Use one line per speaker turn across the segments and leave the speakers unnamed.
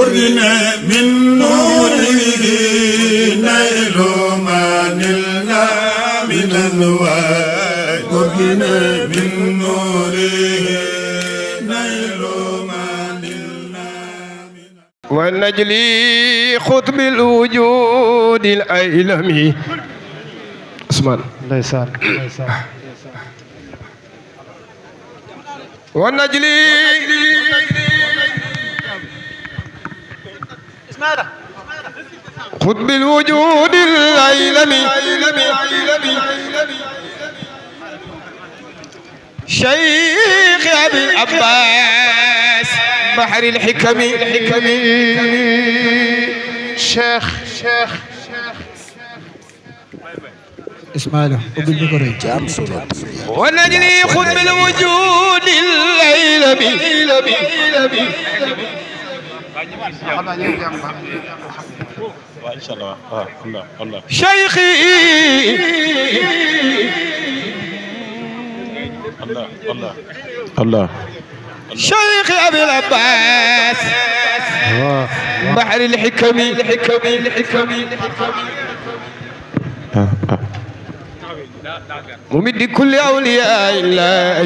قرنا من نوره نيل من الله من الواد قرنا من نوره
نيل ونجلي خطب الوجود الأيلمي عثمان ليسان
ونجلي
خذ بالوجود العيلمي شيخ أبي العباس بحر الحكم شيخ شيخ اسمع له وبالبكري ونجلي خذ بالوجود الليل بي
شيخي الله الله الله
شيخ ابي العباس بحر الحكمي الحكمي الحكمي ممد كل اولياء الله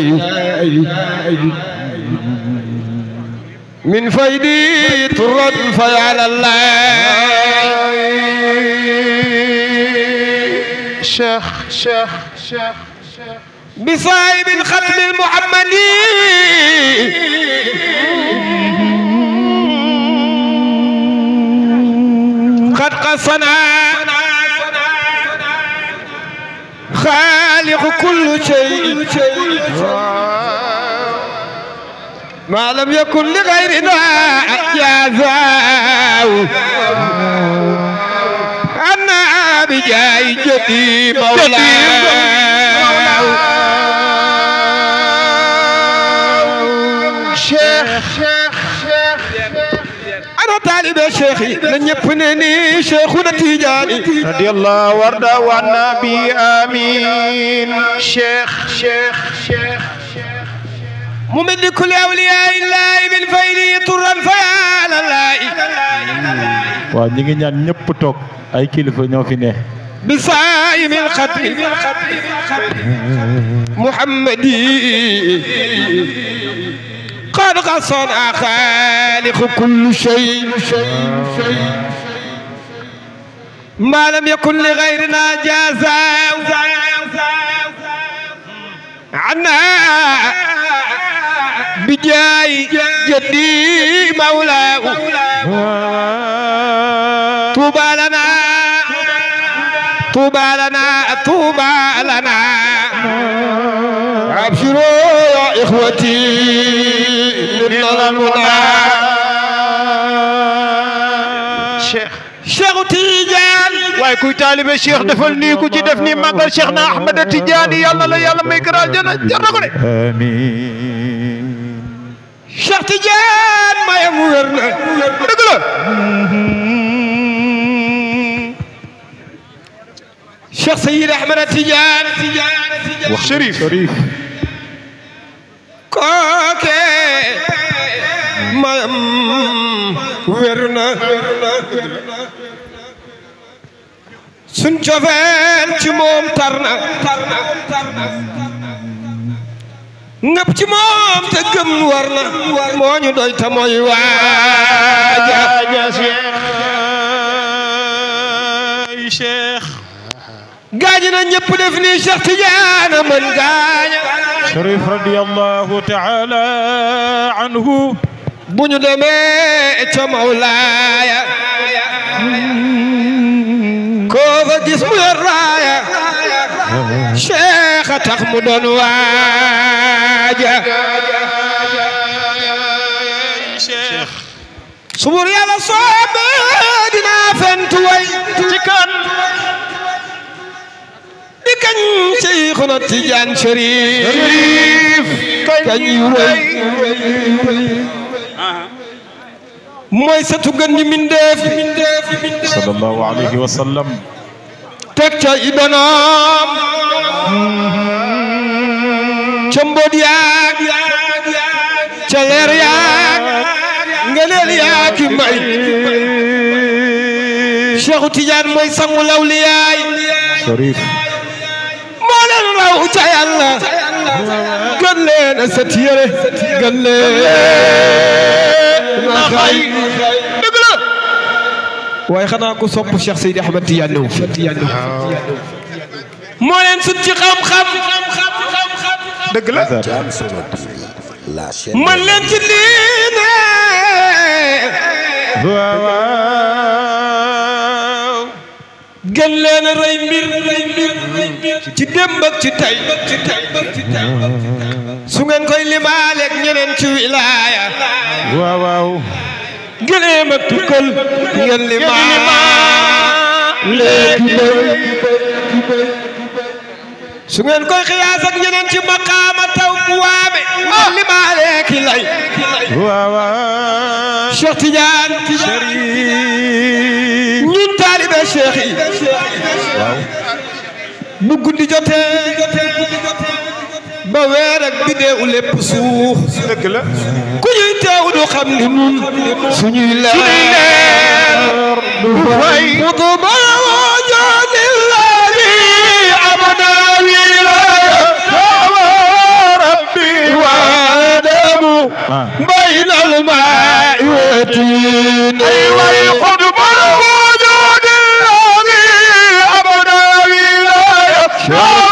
من فيدي ترد في على الله شيخ شيخ
شيخ
بصاحب الختم المحمدي قد قصنا خالق كل شيء ما لم يكن لغيرنا
جازاو أنا بجاي جدي مولاه شيخ شيخ
أنا طالب يا شيخي لن يبنني شيخنا تيجاني رضي الله ورد والنبي آمين شيخ شيخ شيخ, شيخ ممد كل أولياء الله بالفيل طرا فيا الله waaw ñi ngi ñaan ñëpp toog ay kilifa ñoo fi ne بصائم الخطيب محمدي قد غصنا خالق كل شيء شيء ما لم يكن لغيرنا جازا عنا بجاي جدي مولاه طوبى لنا طوبى لنا طوبى لنا أبشروا يا إخوتي لنا المنى شيخ شيخ تيجان waaye kuy taalibe Cheikh defal nii ku ci def nii màggal Cheikh na Ahmed Tidiane yàlla la yàlla may gëral
jana jar na ko de. amiin. Cheikh Tidiane mayam wér na dëgg la
Cheikh Sayid Ahmed Tidiane Tidiane wax Chérif kooke mayam wér na sun cofeel ci moom tar na ngëp ci moom te gëm war na moo ñu doy te mooy waaja cheikh gaañ na ñëpp def ni Cheikh Tidiane man gaaña Cherif radiyallahu ta'ala anhu bu ñu demee ca Mawlaaya gis mu yor cheikh tax mu doon waaja cheikh subur yàlla soob dinaa fentu way ci kan di kañ Cheikhuna Tijaan Chérif kañ yu rëy mooy satu gën ñi mindeef. sallallahu alayhi wa sallam. ca idonoom ca mbóot yaag ca leer yaag ngeneel yaag ki may Cheikhu Tidiane mooy sangu lawliyaay Sharif moo leen raw ca yàlla gën leen a set yére gën leen a xay waaye xanaa ko sopp Cheikh Seydi Ahmed Tidiane wu moo leen sut ci xam-xam dëgg la man leen ci diine
waaw
gën leen a ci démb ci tey su ngeen koy limaaleeg ñeneen ci wilaaya waaw gëléem ak tukkal ngeen li ma léegi bëy su ngeen koy xiyaas ak ñeneen ci maqaama taw bu waame ah, li ma léegi lay waawaa Cheikh Tidiane ñun taalibe Cheikh yi waaw bu guddi jotee ba weer ak biddeewu lépp suux dëgg la ku ñuy teew du xam ni nun
suñuy leer du fay بين الماء والدين ويقض بالوجود الذي أبدا لا يخشى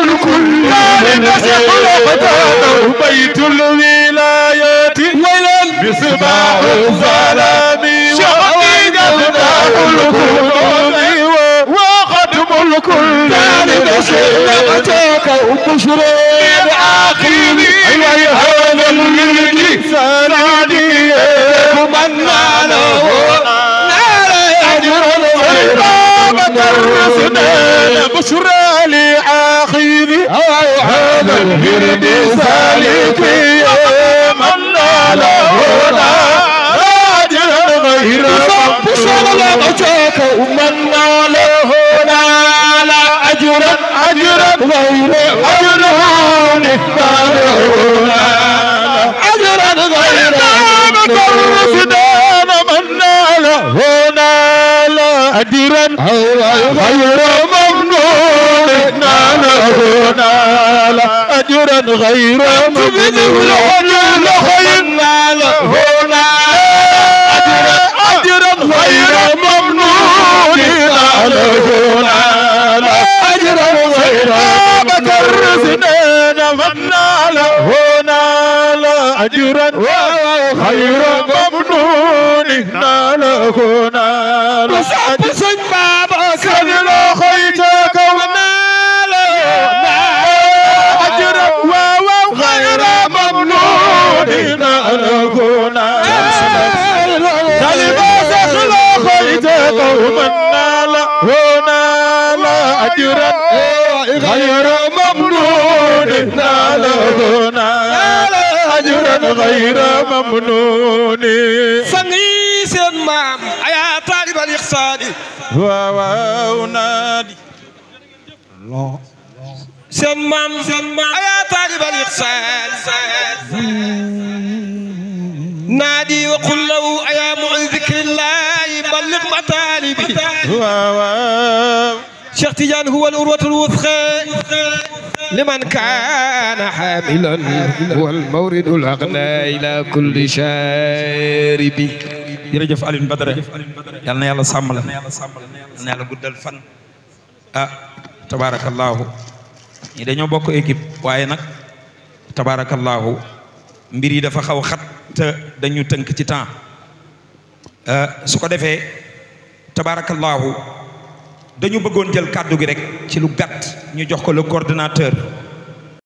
يكون كل من يقول فتاته بيت الولايات ويلا بصباح الظلام وعقيد فتاه الكون وختم الكل لبشر فتاك وبشر العاقلين الورد سالك من نال هدى راجل غير صلى وجهك ومن نال هدى لا أجرا أجرا غير أجر هون أجرا غير رفدان من نال هدى لا أجرا غير ممنون نال هدى أجرا غير ممنون وقلنا له أجرا أجرا غير ممنون علينا أجرا غير مكرسنا من له أجرا غير ممنون له نال نال ونال أجرا غير ممنون نال نال أجرا غير ممنون
سني سن مام أيا طالب الإحسان واو نادي الله seen maam ayaa taalibal ixsaan naadi wa qul lahu ayaa mu dikrillah balliq ma taalibi waaw waaw Cheikh Tidiane huwa al urwatul wuthqa liman kaana xaamilan wal mawridul agna ila kulli shaaribi jërëjëf Alioune Badara yal na yàlla sàmm la na yàlla guddal fan ah tabaarakallaahu ñi dañoo bokk équipe waaye nag tabaarakallaahu mbir yi dafa xaw xat te dañu tënk ci temps Euh, su ko defee tabaarakallaahu dañu bëggoon jël kàddu gi rek ci lu gàtt ñu jox ko le coordonnateur